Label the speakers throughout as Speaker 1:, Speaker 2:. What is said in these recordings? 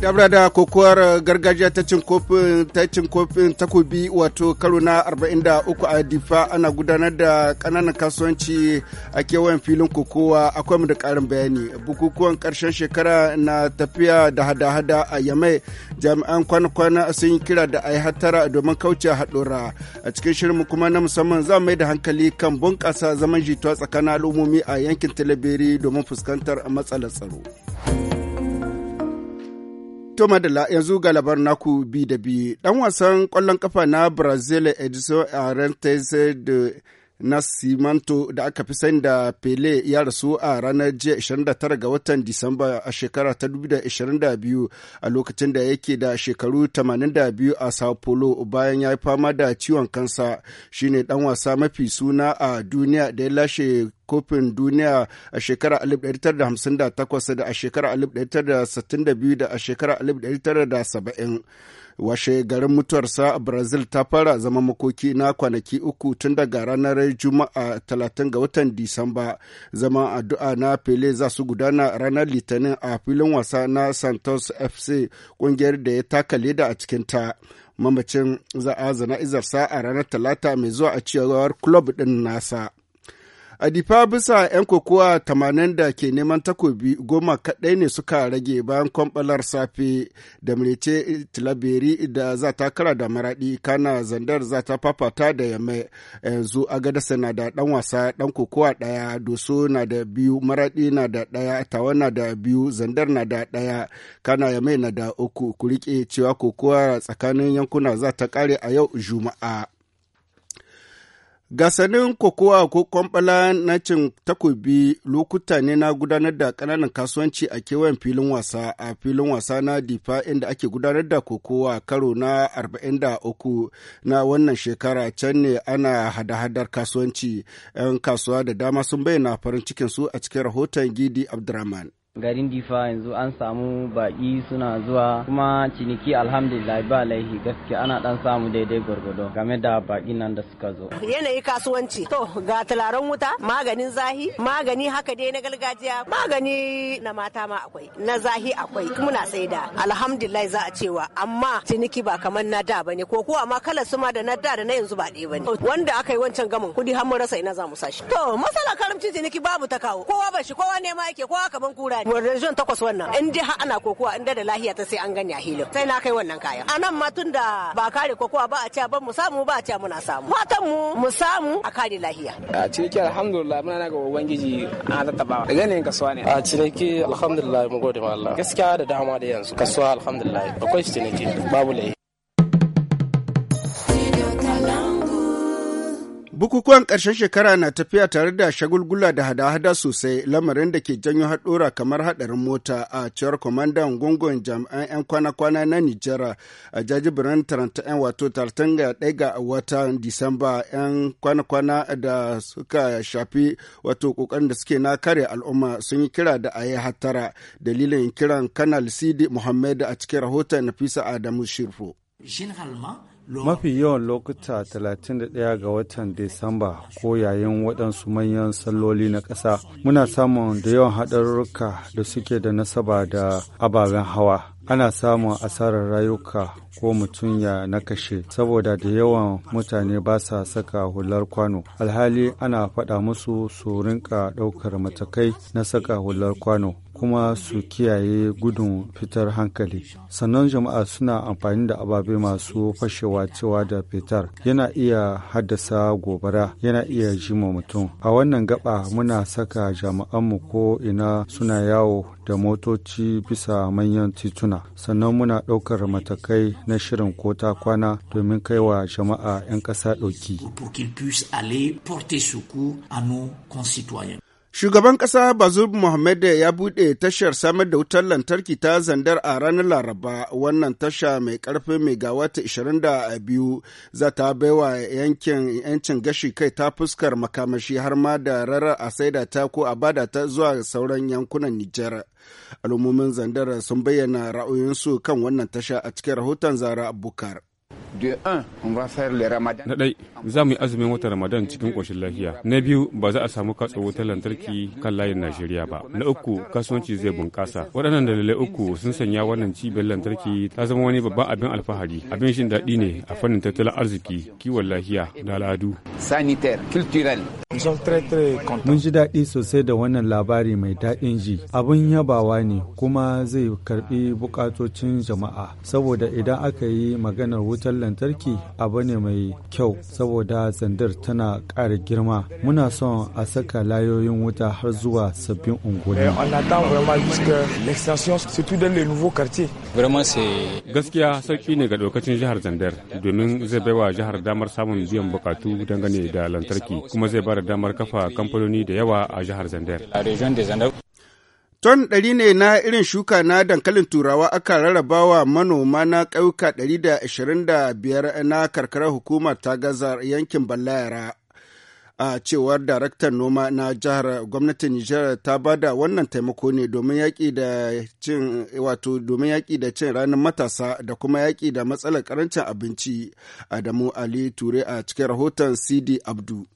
Speaker 1: dabra da kokowar gargajiya ta cin kofin ta takobi wato karo na 43 a difa ana gudanar da kananan kasuwanci a kewayen filin kokowa akwai mu da karin bayani bukukuwan karshen shekara na tafiya da hada-hada a yamai jami'an kwana-kwana sun yi kira da ai hatara domin kauce haɗura a cikin shirin kuma na musamman za mai da hankali kan bunƙasa zaman jituwa tsakanin al'ummomi a yankin talabiri domin fuskantar matsalar tsaro. To madala yanzu ga labar naku bi da bi. Dan wasan kwallon kafa na Brazil Edson Arantes eh, de Nascimento da aka fi sani da Pele ya rasu a ranar jiya 29 ga watan Disamba a shekara ta 2022 a lokacin da yake da shekaru 82 a Sao Paulo bayan ya yi fama da ciwon kansa shine dan wasa mafi suna a duniya da ya lashe kofin duniya a shekara 1958 da a shekara 1962 da a shekara 1970 washe garin mutuwarsa a brazil ta fara zama makoki na kwanaki uku tun daga ranar juma'a 30 ga watan disamba zama addu'a na pele za su gudana ranar litinin a filin wasa na santos fc kungiyar da ya taka leda a cikinta mamacin za a zana izarsa a ranar talata mai zuwa a cewar club din nasa Adifa bisa 'yan kokowa tamanin da ke neman takobi goma kaɗai ne suka rage bayan kwambalar safe da milice tilaberi da za ta kara da maraɗi kana zandar za ta fafata da yamma yanzu agadasa na da ɗan wasa ɗan kokowa ɗaya doso na da biyu maraɗi na da ɗaya tawa na da biyu zandar na da ɗaya kana yamma na da uku kurike cewa kokowa tsakanin yankuna za ta ƙare a yau juma'a. Gasanin kokowa ko kwamfala na cin takobi lokuta ne na gudanar da kananan kasuwanci a kewayen filin wasa a filin wasa na difa inda ake gudanar da kokowa karo na 43 na wannan shekara can ne ana hada-hadar kasuwanci 'yan kasuwa da dama sun bayyana farin cikin su a cikin rahoton gidi abdurrahman.
Speaker 2: garin difa yanzu an samu baƙi
Speaker 1: suna zuwa kuma ciniki alhamdulillah ba laihi gaskiya ana dan samu daidai gwargwado game da baƙi nan da suka zo
Speaker 2: yanayi kasuwanci to ga tularan wuta maganin zahi magani haka dai na gargajiya magani na mata ma akwai na zahi akwai muna da alhamdulillah za a cewa amma ciniki ba kamar na da bane ko kuwa ma kalar su ma da na da na yanzu ba ɗaya bane wanda aka yi wancan gamin kudi har mun rasa ina za mu sashi to masala karamcin ciniki babu ta kawo kowa ba shi kowa nema yake kowa kaman kura region takwas wannan in dai ana kokowa in da lahiya ta sai an ganya a sai na kai wannan kaya a nan ma tun da ba kare kokowa ba a ce ba mu samu ba a ce muna samu fatan mu mu samu a kare lahiya
Speaker 1: a ciniki alhamdulillah muna na ga ubangiji
Speaker 3: an tattaba daga ne kasuwa ne a ciniki alhamdulillah mu gode ma Allah gaskiya da dama da yanzu kasuwa alhamdulillah akwai ciniki babu lahiya.
Speaker 1: Bukukuwan ƙarshen shekara na tafiya tare da shagulgula da hada-hada sosai lamarin da ke janyo haɗura kamar haɗarin mota a cewar kwamandan gungun jami'an 'yan kwana-kwana na Nijar a jajibirin 31 wato 31 ga watan Disamba 'yan kwana-kwana da suka shafi wato ƙoƙarin da suke na kare al'umma sun yi kira da a yi hatara dalilin kiran Kanal Sidi Muhammad a cikin rahoton Nafisa Adamu Shirfo.
Speaker 4: Mafi yawan lokuta 31 ga watan Disamba ko yayin waɗansu manyan salloli na ƙasa muna samun da yawan haɗarurruka da suke da nasaba da ababen hawa. ana samun asarar rayuka ko mutum ya na kashe, saboda da yawan mutane ba sa saka hular kwano alhali ana faɗa musu su rinka ɗaukar matakai na saka hular kwano kuma su kiyaye gudun fitar hankali sannan jama'a suna amfani da ababe masu fashewa cewa da fitar yana iya haddasa gobara yana iya jima mutum a wannan gaba muna saka jama'anmu ko ina suna yawo da motoci bisa manyan tituna sannan muna ɗaukar matakai na shirin ko ta kwana domin kai wa jama'a
Speaker 5: 'yan ƙasa ɗauki.
Speaker 1: Shugaban ƙasa Bazum Mohammed ya buɗe tashar samar da wutar lantarki ta zandar a ranar Laraba. Wannan tasha mai ƙarfin megawata 22 za ta baiwa yankin yancin gashi kai ta fuskar makamashi har ma da rarar a saida ta ko a bada ta zuwa sauran yankunan Nijar. Al'ummomin zandar sun bayyana ra'ayoyinsu kan wannan tasha a cikin rahoton Zara Bukar.
Speaker 3: Na ɗai, za mu yi azumin watan Ramadan cikin ƙoshin lafiya. Na biyu, ba za a samu katsa wutar lantarki kan layin Najeriya ba. Na uku, kasuwanci zai bunƙasa. Waɗannan dalilai uku sun sanya wannan cibiyar lantarki ta zama wani babban abin alfahari. Abin shin daɗi ne a fannin tattalin arziki, kiwon lafiya da al'adu.
Speaker 4: Mun ji daɗi sosai da wannan labari mai daɗin ji. Abin yabawa ne kuma zai karɓi bukatocin jama'a. Saboda idan aka yi maganar wutar lantarki abu ne mai kyau saboda zandar tana ƙara girma. Muna son a saka layoyin wuta har zuwa sabbin unguwanni.
Speaker 3: Eh, Gaskiya sauki ne ga dokacin jihar Zandar domin zai baiwa jihar damar samun biyan bukatu dangane da lantarki kuma zai bada damar kafa kamfanoni da yawa a jihar Zandar.
Speaker 1: Ton ɗari ne na irin shuka na dankalin turawa aka rarrabawa manoma na da biyar na karkarar hukumar ta gaza yankin Ballayara. A cewar daraktan noma na jihar gwamnatin Nijar ta ba da wannan taimako ne domin yaƙi da cin wato domin yaƙi da cin ranar matasa da kuma yaƙi da matsalar karancin abinci. Adamu Ali Ture a cikin rahoton Sidi Abdu.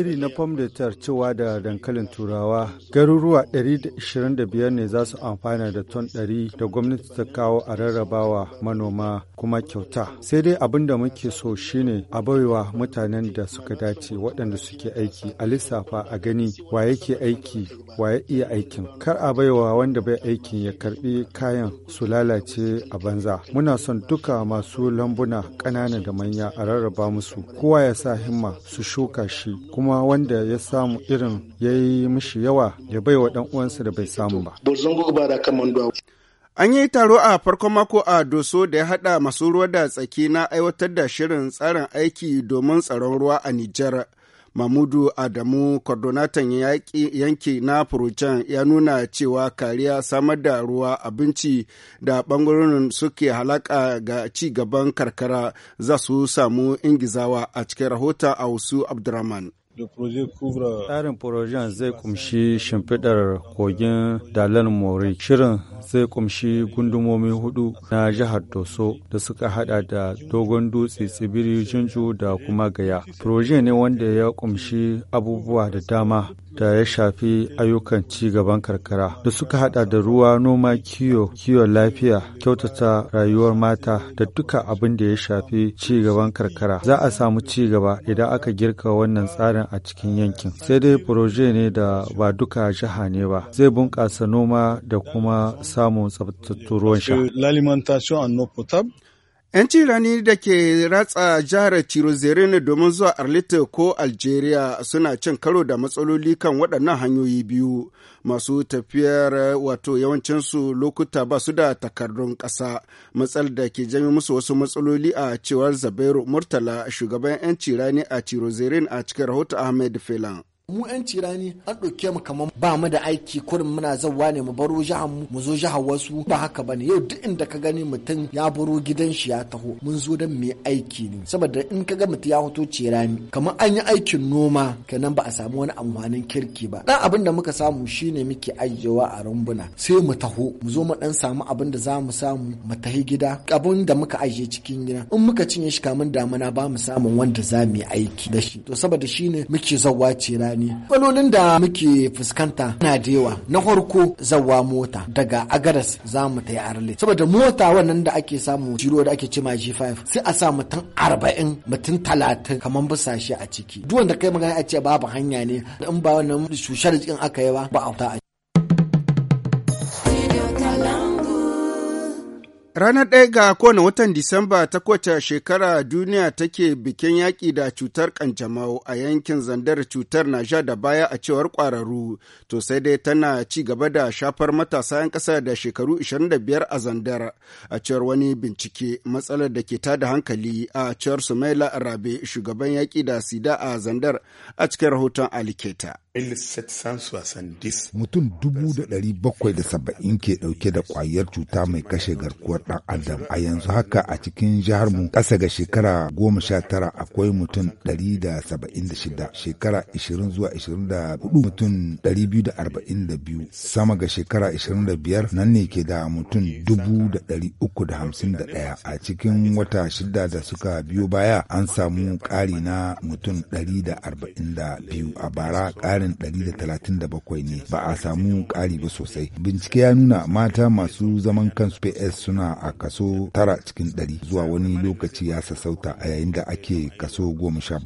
Speaker 4: Iri na pom de tar cewa da dankalin turawa garuruwa 125 ne za su amfana da ton 100 da gwamnati ta kawo a rarrabawa manoma kuma kyauta. Sai dai abin da muke so shine a baiwa mutanen da suka dace waɗanda suke aiki a lissafa a gani wa yake aiki wa ya iya aikin. Kar a baiwa wanda bai aikin ya karbi kayan su lalace a banza. Muna son duka masu lambuna ƙanana da manya a rarraba musu. Kowa ya sa himma su shuka shi kuma wanda ya samu irin ya yi mishi yawa ya bai wa uwansa da bai samu ba.
Speaker 1: An yi taro a farkon mako a Doso da ya haɗa masu ruwa da tsaki na aiwatar da shirin tsarin aiki domin tsaron ruwa a Nijar. mamudu adamu kordonatan yanki na furucan ya nuna cewa kariya samar da ruwa abinci da bangarorin suke halaka ga ci gaban karkara za su samu ingizawa a cikin rahoton a wasu abdurrahman Tsarin
Speaker 4: euh, projen zai kumshi shimfiɗar kogin dalar Mori. Shirin zai kumshi gundumomi hudu na jihar Doso da suka hada da dogon dutse tsibiri jinju da kuma gaya. Proje ne wanda ya kumshi abubuwa da dama da ya shafi ayyukan ci gaban karkara da suka hada da ruwa noma kiyo kiwon lafiya kyautata rayuwar mata da duka abin da ya shafi ci gaban karkara za a samu ci gaba idan aka girka wannan tsarin a cikin yankin sai dai proje ne da ba duka jiha ne ba zai bunkasa noma da kuma samun tsabtattun ruwan sha
Speaker 1: 'Yanci rani da ke ratsa jihar Tirozerin domin zuwa Arlita ko Algeria suna cin karo da matsaloli kan waɗannan hanyoyi biyu masu tafiyar wato yawancinsu lokuta ba su da takardun ƙasa matsal da ke jami musu wasu matsaloli a cewar Zabairu Murtala shugaban 'yanci rani a Tirozerin a cikin rahoto Ahmed Filan.
Speaker 2: mu yan cirani an ɗauke mu kamar ba mu da aiki kurin muna zawa ne mu baro jihar mu mu zo jihar wasu ba haka bane yau duk inda ka gani mutum ya baro gidan shi ya taho mun zo dan mu aiki ne saboda in ka ga mutum ya hoto cirani kamar an yi aikin noma kenan ba a samu wani amfanin kirki ba dan abin da muka samu shine muke ajiyewa a rumbuna sai mu taho mu zo mu dan samu abin da za mu samu mu tahi gida abin da muka ajiye cikin gida in muka cinye shi kamun damina ba mu samun wanda za mu yi aiki da shi to saboda shine muke zawa cirani mutane. da muke fuskanta na da yawa. Na farko zawa mota daga Agadas za mu ta yi Arle. Saboda mota wannan da ake samu jiro da ake cema G5 sai a sa mutum arba'in mutum talatin kamar bisa shi a ciki. Duwanda kai magana a ce babu hanya ne in ba wannan shushar jikin aka yi ba ba a
Speaker 1: Ranar ɗaya ga kowane watan Disamba ta kowace shekara duniya take bikin yaƙi da cutar ƙanjamau a yankin zandar cutar na sha da baya a cewar ƙwararru, to sai dai tana ci gaba da shafar matasa 'yan ƙasa da shekaru 25 a zandar a cewar wani bincike matsalar da ke tada hankali a cewar Sumaila Rabe shugaban yaƙi da sida a zandar a cikin rahoton Aliketa.
Speaker 5: Mutum dubu da ɗari bakwai da saba'in ke ɗauke da ƙwayar cuta mai kashe garkuwar ɗan adam a yanzu haka a cikin jihar mu ƙasa ga shekara goma sha tara akwai mutum ɗari da saba'in da shida shekara ishirin zuwa ishirin da hudu mutum ɗari biyu da arba'in da biyu sama ga shekara ishirin da biyar nan ne ke da mutum dubu da ɗari uku da hamsin da ɗaya a cikin wata shida da suka biyo baya an samu ƙari na mutum ɗari da arba'in da biyu a bara ƙarin kimanin 137 ne ba a samu ƙari ba sosai bincike ya nuna mata masu zaman kansu ps suna a kaso tara cikin ɗari zuwa wani lokaci ya sassauta a yayin da ake kaso goma sha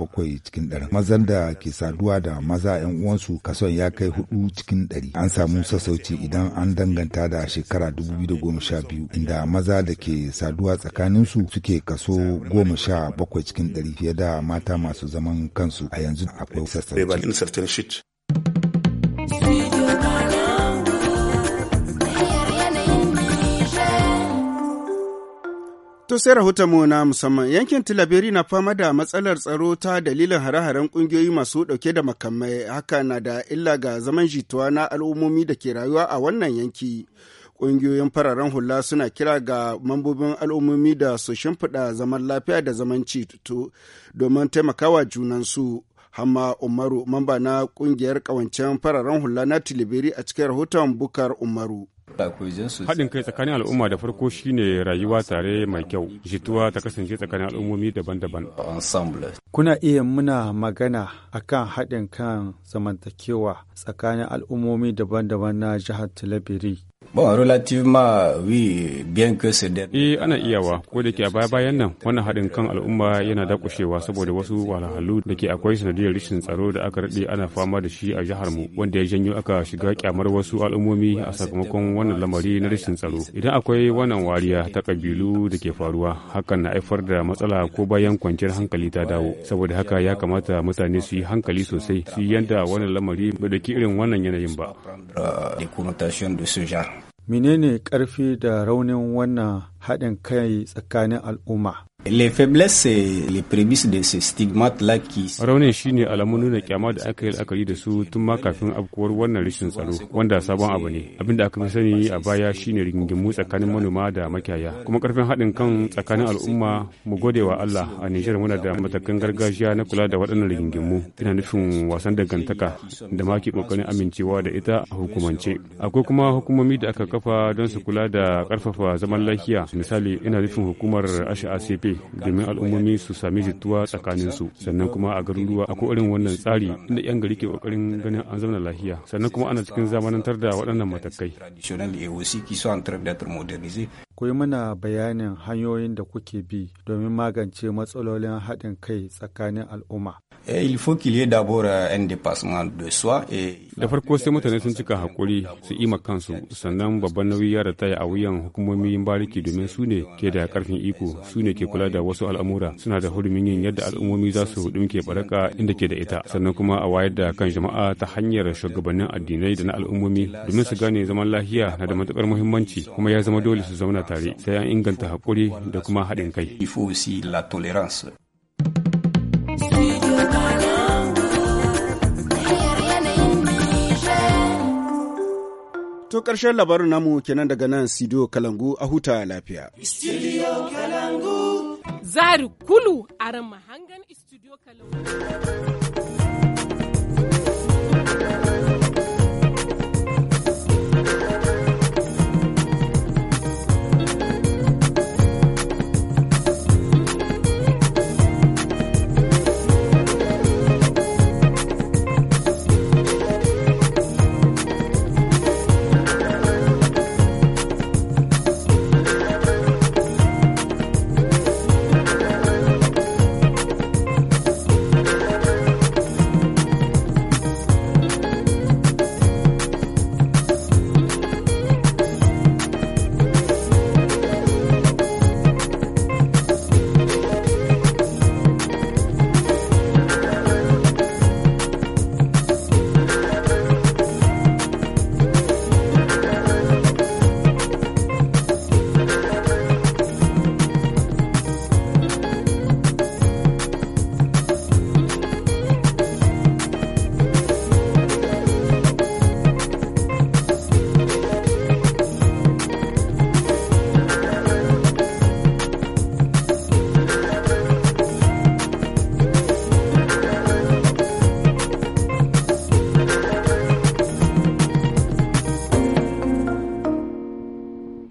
Speaker 5: cikin ɗari mazan da ke saduwa da maza yan uwansu kason ya kai hudu cikin ɗari an samu sassauci idan an danganta da shekara biyu inda maza da ke saduwa tsakaninsu suke kaso goma cikin ɗari fiye da mata masu zaman kansu a yanzu akwai sassauci
Speaker 1: To sai mu na musamman yankin Tilaberi na fama da matsalar tsaro ta dalilin hare-haren ƙungiyoyi masu dauke da makamai haka na da illa ga zaman jituwa na al'ummomi da ke rayuwa a wannan yanki. Ƙungiyoyin fararen hula suna kira ga mambobin al'ummomi da su shimfiɗa zaman lafiya da zaman cito domin taimakawa junansu Hamma Umaru mamba na kungiyar kawancen fararen hula na Tilibiri a cikin rahoton Bukar Umaru. Haɗin
Speaker 3: kai tsakanin al'umma da farko shine rayuwa tare mai kyau, jituwa ta kasance tsakanin al'ummomi daban-daban.
Speaker 4: Kuna iya muna magana akan haɗin kan zamantakewa tsakanin al'ummomi daban-daban na jihar tilibiri
Speaker 2: Bon, relativement,
Speaker 4: oui,
Speaker 3: bien que ce Eh, ana iyawa, ko da ke a baya-bayan nan, wannan haɗin kan al'umma yana dakushewa saboda wasu walahalu da ke akwai sanadiyar rashin tsaro da aka daɗe ana fama da shi a jihar mu, wanda ya janyo aka shiga kyamar wasu al'ummomi a sakamakon wannan lamari na rashin tsaro. Idan akwai wannan wariya ta kabilu da ke faruwa, hakan na haifar da matsala ko bayan kwanciyar hankali ta dawo. Saboda haka ya kamata mutane su yi hankali sosai, su yi yadda wannan lamari ba da irin
Speaker 4: wannan yanayin ba. Euh, menene ƙarfi da raunin wannan haɗin kai tsakanin al'umma. Les faiblesses les prémisse
Speaker 1: de ce stigmate là qui Raunin
Speaker 3: shine alamun nuna kyama da aka yi la'akari da su tun ma kafin afkuwar wannan rashin tsaro wanda sabon abu ne. Abin da aka fi sani a baya shine rigingimu tsakanin manoma da makiyaya. Kuma karfin haɗin kan tsakanin al'umma mu gode wa Allah a Nijar muna da matakan gargajiya na kula da waɗannan rigingimu. Ina nufin wasan dangantaka da ma ke kokarin amincewa da ita a hukumance. Akwai kuma hukumomi da aka kafa don su kula da karfafa zaman lafiya misali ina nufin hukumar HACP domin al'ummomi su sami jituwa tsakanin su sannan kuma a garuruwa a irin wannan tsari inda yan gari ke kokarin ganin an zauna lafiya
Speaker 4: sannan kuma ana cikin zamanantar
Speaker 3: da waɗannan matakai
Speaker 4: ku yi mana bayanin hanyoyin da kuke bi domin magance matsalolin haɗin kai tsakanin al'umma.
Speaker 3: Da farko sai mutane sun cika hakuri su ima kansu sannan babban nauyi ya rataya a wuyan hukumomin bariki domin domin su ne ke da karfin iko su ne ke kula da wasu al'amura suna da hurumin yin yadda al'ummomi za su dumke baraka inda ke da ita sannan kuma a wayar da kan jama'a ta hanyar shugabannin addinai da na al'ummomi domin su gane zaman lafiya na da matukar muhimmanci kuma ya zama dole su zauna tare sai an inganta hakuri da kuma haɗin kai.
Speaker 1: ƙarshen labarin namu kenan daga nan studio Kalangu a huta lafiya. Studio Kalangu. Zari Kulu a Ramahangan Studio Kalangu.